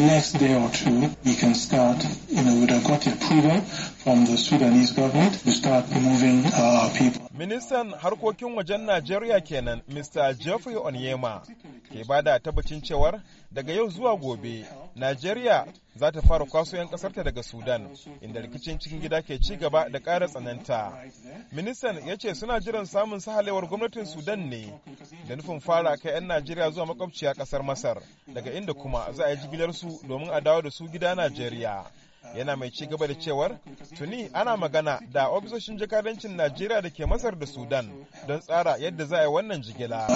next day or two, we can start, you know, we'd have got approval from the Sudanese government to start moving our uh, people. Ministan harkokin wajen Najeriya kenan Mr. Jeffrey Onyema ke bada tabbacin cewar daga yau zuwa gobe Najeriya za ta fara kwaso 'yan kasarta daga Sudan inda rikicin cikin gida ke ci gaba da kara tsananta. Ministan ya ce suna jiran samun sahalewar gwamnatin Sudan ne da nufin fara kai 'yan Najeriya zuwa makwabciya kasar Masar daga inda kuma za a yi jigilar su domin a dawo da su gida Najeriya. yana mai ci gaba da cewar tuni ana magana da ofisoshin jakadancin najeriya da ke masar da sudan don tsara yadda za a yi wannan jigila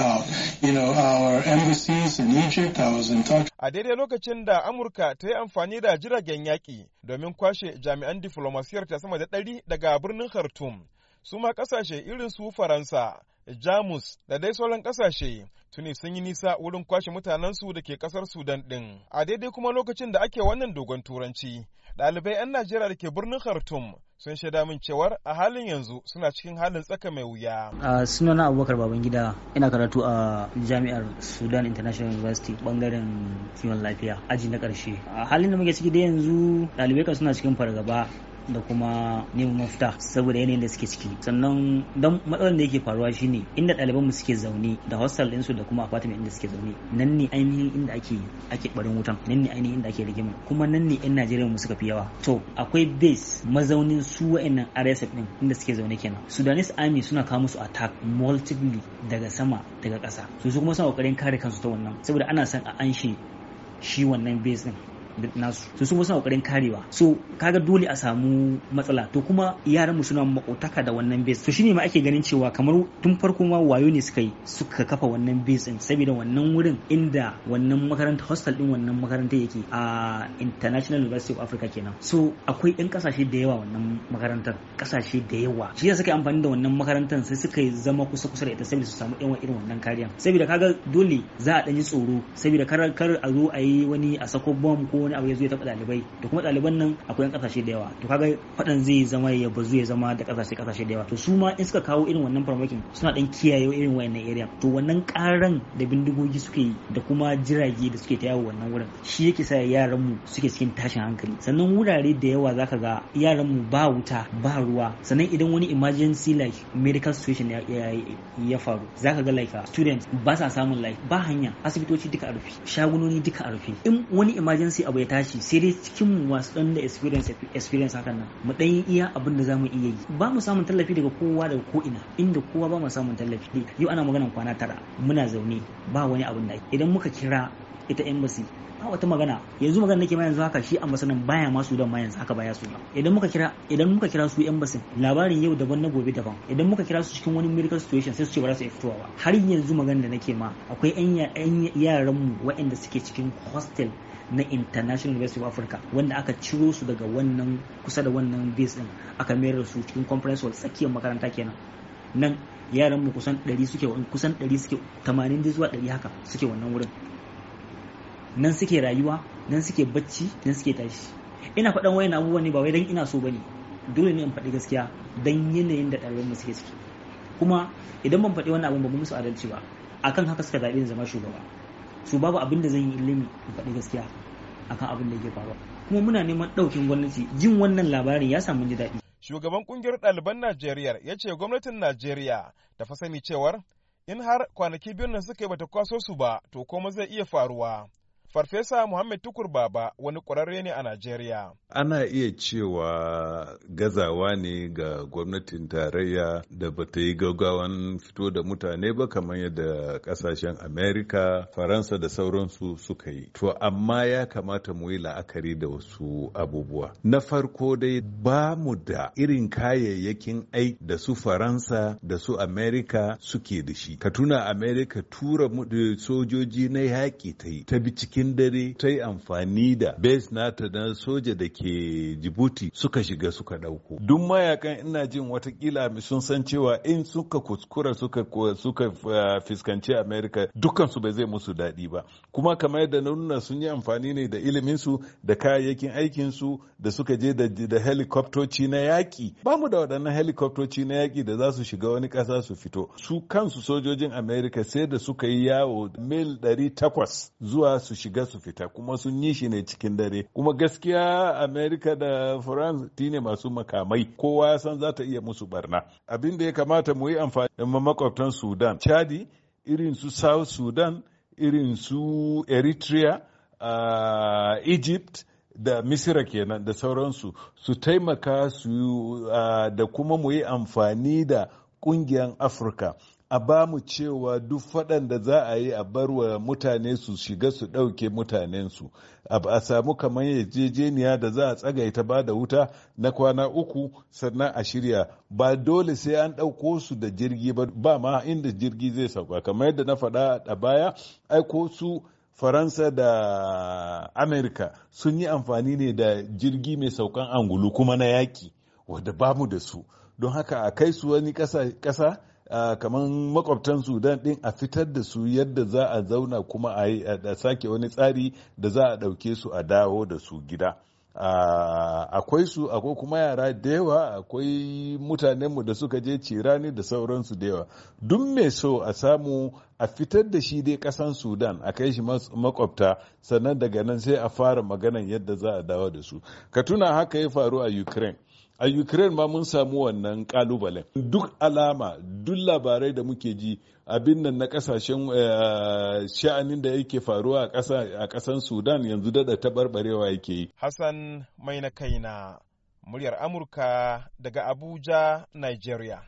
a daidai lokacin da amurka ta yi amfani da jiragen yaƙi domin kwashe jami'an diflomasiyar ta sama da ɗari daga birnin khartoum su ma ƙasashe irin su faransa Jamus da dai sauran ƙasashe tuni sun yi nisa wurin kwashe mutanensu da ke kasar Sudan ɗin. A daidai kuma lokacin da ake wannan dogon turanci, ɗalibai 'yan Najeriya da ke birnin Khartoum sun shaida min cewar a halin yanzu suna cikin halin tsaka mai wuya. A sunana Abubakar gida ina karatu a Jami'ar Sudan International University bangaren kiwon lafiya aji na karshe. A halin da muke ciki da yanzu ɗalibai kan suna cikin fargaba da kuma neman mafita saboda yanayin da suke ciki sannan don matsalar da yake faruwa shine inda ɗalibanmu suke zaune da hostel ɗinsu da kuma apartment inda suke zaune nan ne ainihin inda ake ake barin wutan nan ne ainihin inda ake rigima kuma nan ne 'yan Najeriya mu suka fi yawa to akwai base mazaunin su wa'annan RSF ɗin inda suke zaune kenan Sudanese army suna kawo musu attack multiple daga sama daga ƙasa su kuma suna ƙoƙarin kare kansu ta wannan saboda ana son a anshe shi wannan base din nasu su su suna kokarin karewa so kaga dole a samu matsala to kuma yaran mu suna makotaka da wannan base to shine ma ake ganin cewa kamar tun farko ma wayo ne suka yi suka kafa wannan base din saboda wannan wurin inda wannan makaranta hostel din wannan makaranta yake a International University of Africa kenan so akwai ɗan kasashe da yawa wannan makarantar kasashe da yawa shi yasa suka yi amfani da wannan makarantar sai suka zama kusa kusa da ita saboda su samu yawan irin wannan kariya saboda kaga dole za a ɗan yi tsoro saboda kar a zo a yi wani a sako bomb ko wani abu ya zo ya taɓa ɗalibai to kuma ɗaliban nan akwai 'yan ƙasashe da yawa to kaga faɗan zai zama ya bazu ya zama da ƙasashe ƙasashe da yawa to su ma in suka kawo irin wannan farmakin suna ɗan kiyaye irin wannan area to wannan ƙaran da bindigogi suke yi da kuma jirage da suke ta yawo wannan wurin shi yake sa yaran mu suke cikin tashin hankali sannan wurare da yawa zaka ga yaran mu ba wuta ba ruwa sannan idan wani emergency like medical situation ya faru zaka ga like students ba sa samun like ba hanya asibitoci duka a rufe shagunoni duka a rufe in wani emergency abu ya tashi sai dai cikin wasu da experience experience hakan nan mu dan iya abin da zamu iya yi ba mu samun tallafi daga kowa daga ko ina inda kowa ba mu samun tallafi yau ana maganan kwana tara muna zaune ba wani abin da idan muka kira ita embassy ba wata magana yanzu magana nake ma yanzu haka shi ambasadan baya ma su dan ma yanzu haka baya ba idan muka kira idan muka kira su yambasin, labarin yau daban na gobe daban idan muka kira su cikin wani medical situation sai su ce ba za su iya fitowa ba har yanzu magana da nake ma akwai yan yaran mu waɗanda suke cikin hostel na international university of africa wanda aka ciro su daga wannan kusa da wannan base din aka mayar da su cikin conference hall tsakiyar makaranta kenan nan yaran mu kusan 100 suke kusan 100 suke 80 zuwa 100 haka suke wannan wurin nan suke rayuwa nan suke bacci nan suke tashi ina faɗan wayan abubuwa ne ba wai dan ina so bane dole ne in faɗi gaskiya dan yanayin da ɗaliban mu suke ciki kuma idan ban faɗi wannan abun ba mu musu adalci ba akan haka suka zaɓi zama shugaba su babu abin da zan yi ilimi in faɗi gaskiya akan abin da yake faruwa kuma muna neman ɗaukin gwamnati jin wannan labarin ya samu ji daɗi shugaban kungiyar ɗaliban najeriya ya ce gwamnatin najeriya ta fa sani cewar in har kwanaki biyun nan suka yi bata kwaso su ba to komai zai iya faruwa Farfesa Muhammad Tukur Baba wani ƙwararre ne a Najeriya. Ana iya cewa gazawa ne ga gwamnatin tarayya da ba ta yi gaggawan fito da mutane ba kamar yadda ƙasashen Amerika, Faransa da sauransu suka yi. To amma ya kamata mu yi la'akari da wasu abubuwa. Na farko dai ba mu da irin kayayyakin aiki da su Faransa da su Amerika suke da shi. Ka tuna Amerika tura sojoji na yaƙi ta yi ta bi cikin cikin dare ta yi amfani da base nata na soja da ke Jibuti suka shiga suka ɗauko. Duk mayakan ina jin watakila sun san cewa in suka kuskura suka suka eh, fuskanci Amerika dukansu bai zai musu daɗi ba. Kuma kamar yadda na nuna sun yi amfani ne da iliminsu da kayayyakin aikinsu da suka je da helikoptoci na yaƙi. Ba mu da waɗannan helikoptoci na yaki da za su shiga wani ƙasa su fito. Su kansu sojojin america sai da suka yi yawo mil 800 zuwa su shiga su fita kuma sun yi shi ne cikin dare kuma gaskiya america da france tine masu makamai kowa ya san za ta iya musu barna abin da ya kamata mu yi amfani da makwabtan sudan chadi irin su south sudan irin su eritrea uh, egypt da misira kenan da sauransu su taimaka su uh, da kuma mu yi amfani da ƙungiyar afirka a ba mu cewa duk faɗan da za a yi a bar wa mutane su shiga su ɗauke mutanensu a samu kamar yarjejeniya da za a tsagaita ba da wuta na kwana uku sannan a shirya ba dole sai an ɗauko su da jirgi ba ba ma inda jirgi zai sauka kamar yadda na faɗa a baya aiko su faransa da amerika sun yi amfani ne da jirgi mai saukan angulu kuma na yaki wadda bamu da su don haka a kai su wani ƙasa kamar makwabtan sudan din a fitar da su yadda za a zauna kuma a sake wani tsari da za a ɗauke su a dawo da su gida akwai su akwai kuma yara da yawa akwai mutanenmu da suka je cirani da sauransu da yawa duk mai so a samu a fitar da shi dai kasan sudan a kai shi makwabta sannan daga nan sai a fara maganan yadda za a dawo da su ka tuna haka ya faru a ukraine a ukraine ma mun samu wannan kalubalen duk alama duk labarai da muke ji abin nan na kasashen eh, sha'anin da yake faruwa a kasan sudan yanzu dada taɓarɓarewa yake yi hassan mai na kaina muryar amurka daga abuja nigeria